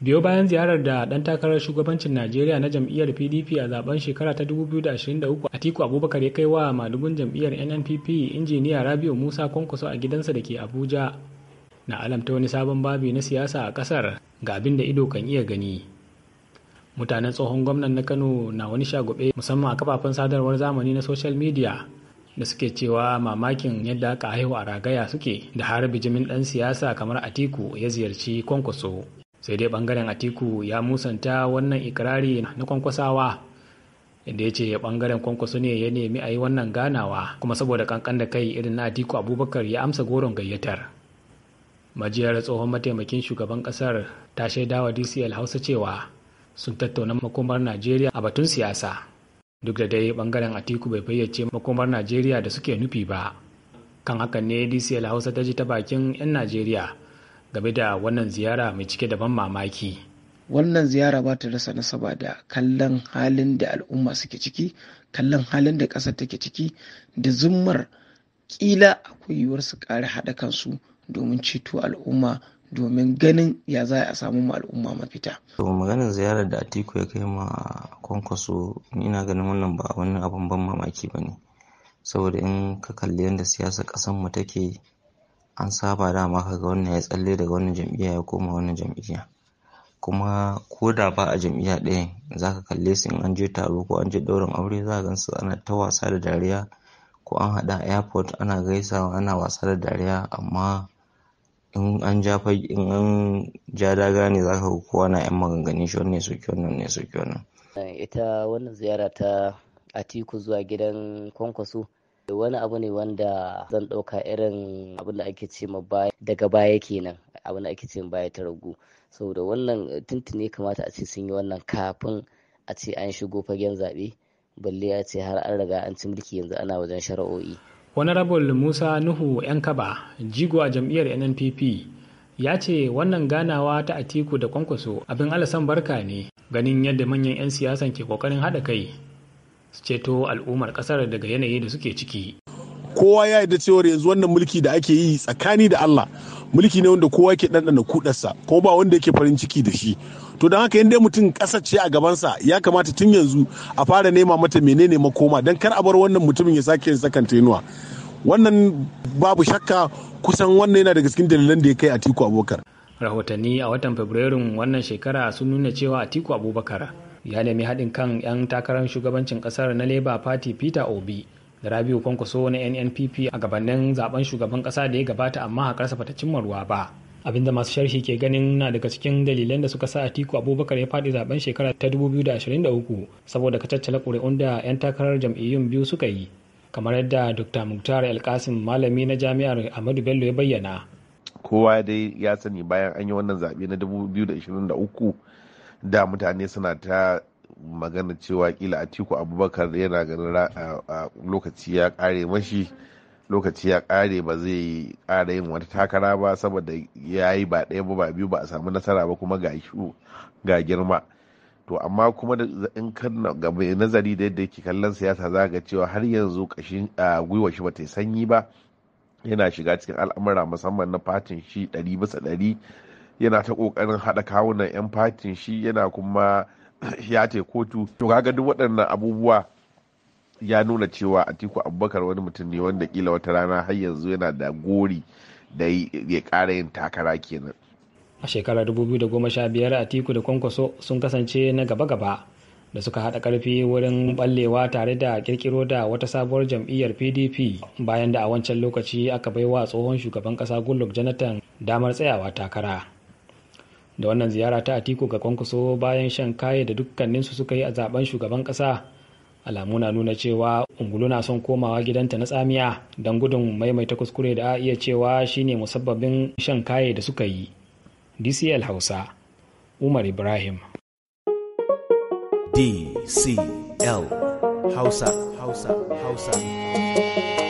biyo bayan ziyarar da ɗan takarar shugabancin najeriya na jam'iyyar pdp a zaben shekara ta 2023 atiku abubakar ya kai wa madugun jam'iyyar nnpp injiniya rabiu musa kwankwaso a gidansa da ke abuja na alamta wani sabon babi na siyasa a kasar ga abin da ido kan iya gani mutanen tsohon gwamnan na kano na wani shagube musamman a kafafen sadarwar zamani na social media da suke cewa mamakin yadda aka haihu a ragaya suke da har bijimin ɗan siyasa kamar atiku ya ziyarci kwankwaso sai dai bangaren atiku ya musanta wannan ikirari na kwankwasawa inda ya ce bangaren kwankwaso ne ya nemi a yi wannan ganawa kuma saboda kankan da kai irin na atiku abubakar ya amsa goron gayyatar majiyar tsohon mataimakin shugaban kasar ta shaidawa dcl hausa cewa sun tattauna makomar najeriya a batun siyasa duk da dai bangaren atiku bai fayyace makomar najeriya da suke nufi ba kan hakan ne dcl hausa ta ji ta bakin 'yan najeriya game da wannan ziyara mai cike da ban mamaki wannan ziyara ba ta rasa nasaba da kallon halin da al'umma suke ciki kallon halin da ƙasar take ciki da zummar ƙila akwai yiwuwar su ƙara haɗa kansu domin ceto al'umma domin ganin ya za a samu ma al'umma mafita. to maganin ziyarar da atiku ya kai ma kwankwaso ina ganin wannan ba wani abin ban mamaki ba ne saboda in ka kalli yadda siyasar ƙasar mu take an saba dama kaga wannan ya tsalle daga wannan jam'iyya ya koma wannan jam'iyya kuma ko da ba a jam'iyya ɗayan za ka kalle su in an je taro ko an je ɗaurin aure za ka gansu ana ta wasa da dariya ko an a airport ana gaisawa ana wasa da dariya amma in an ja in an ja daga ne za ka ga kowa na yan maganganun shi wannan soki wannan ne soki wannan ita wannan ziyara ta atiku zuwa gidan kwankwaso wani abu ne wanda zan ɗauka irin abin da ake ce baya daga baya kenan abin da ake ce baya ta ragu saboda wannan tuntuni kamata a ce sun yi wannan kafin a ce an shigo fagen zaɓe balle a ce har an riga an ci mulki yanzu ana wajen shari'o'i. honorable musa nuhu yan kaba jigo a jam'iyyar nnpp ya ce wannan ganawa ta atiku da kwankwaso abin alasan barka ne ganin yadda manyan 'yan siyasan ke kokarin haɗa kai ceto al'ummar kasar daga yanayi da suke ciki kowa ya yarda cewa yanzu wannan mulki da ake yi tsakani da Allah mulki ne wanda kowa ke ɗanɗana kudarsa ko ba wanda yake farin ciki da shi to don haka yadda mutum ƙasar ce a gabansa ya kamata tun yanzu a fara nema mata menene makoma don kar a bar wannan mutumin ya sake sakan tenuwa wannan babu shakka kusan wannan yana daga cikin dalilan da ya kai atiku abubakar rahotanni a watan fabrairun wannan shekara sun nuna cewa atiku abubakar ya nemi haɗin kan 'yan takarar shugabancin ƙasar na labour party peter obi da rabiu kwankwaso na nnpp a gabanin zaben shugaban ƙasa da ya gabata amma hakarsa bata cimma ruwa ba abin da masu sharhi ke ganin na daga cikin dalilan da suka sa atiku abubakar ya faɗi zaben shekara ta 2023 saboda kacaccala ƙuri'un da 'yan takarar jam'iyyun biyu suka yi kamar yadda dr muktar alkasim malami na jami'ar ahmadu bello ya bayyana kowa dai ya sani bayan an yi wannan zaɓe na 2023 da mutane suna ta magana cewa kila atiku abubakar yana ganin lokaci ya kare mashi lokaci ya kare ba zai kara yin wata takara ba saboda ya yi ba ɗaya ba ba biyu ba a samu nasara ba kuma ga girma to amma kuma da in kan gaba nazari da yadda yake kallon siyasa za ga cewa har yanzu kashin gwiwa shi ba ta sanyi ba yana shiga cikin al'amura musamman na fatin shi ɗari bisa ɗari yana ta kokarin haɗa kawunan 'yan fatin shi yana kuma ya ce kotu to kaga duk waɗannan abubuwa ya nuna cewa atiku abubakar wani mutum ne wanda kila wata rana har yanzu yana da gori da ya kara yin takara kenan a shekarar 2015 atiku da kwankwaso sun kasance na gaba-gaba da suka haɗa karfi wurin ballewa tare da ƙirƙiro da wata sabuwar jam'iyyar pdp bayan da a wancan lokaci aka baiwa tsohon shugaban ƙasa goodluck jonathan damar tsayawa takara da wannan ziyara ta atiku ga kwankwaso bayan shan kaye da dukkaninsu suka yi a zaben shugaban ƙasa alamu na nuna cewa ungulu na son komawa gidanta na tsamiya don gudun maimaita kuskure da a iya cewa shine musabbabin shan kaye da suka yi dcl hausa umar ibrahim dcl hausa hausa hausa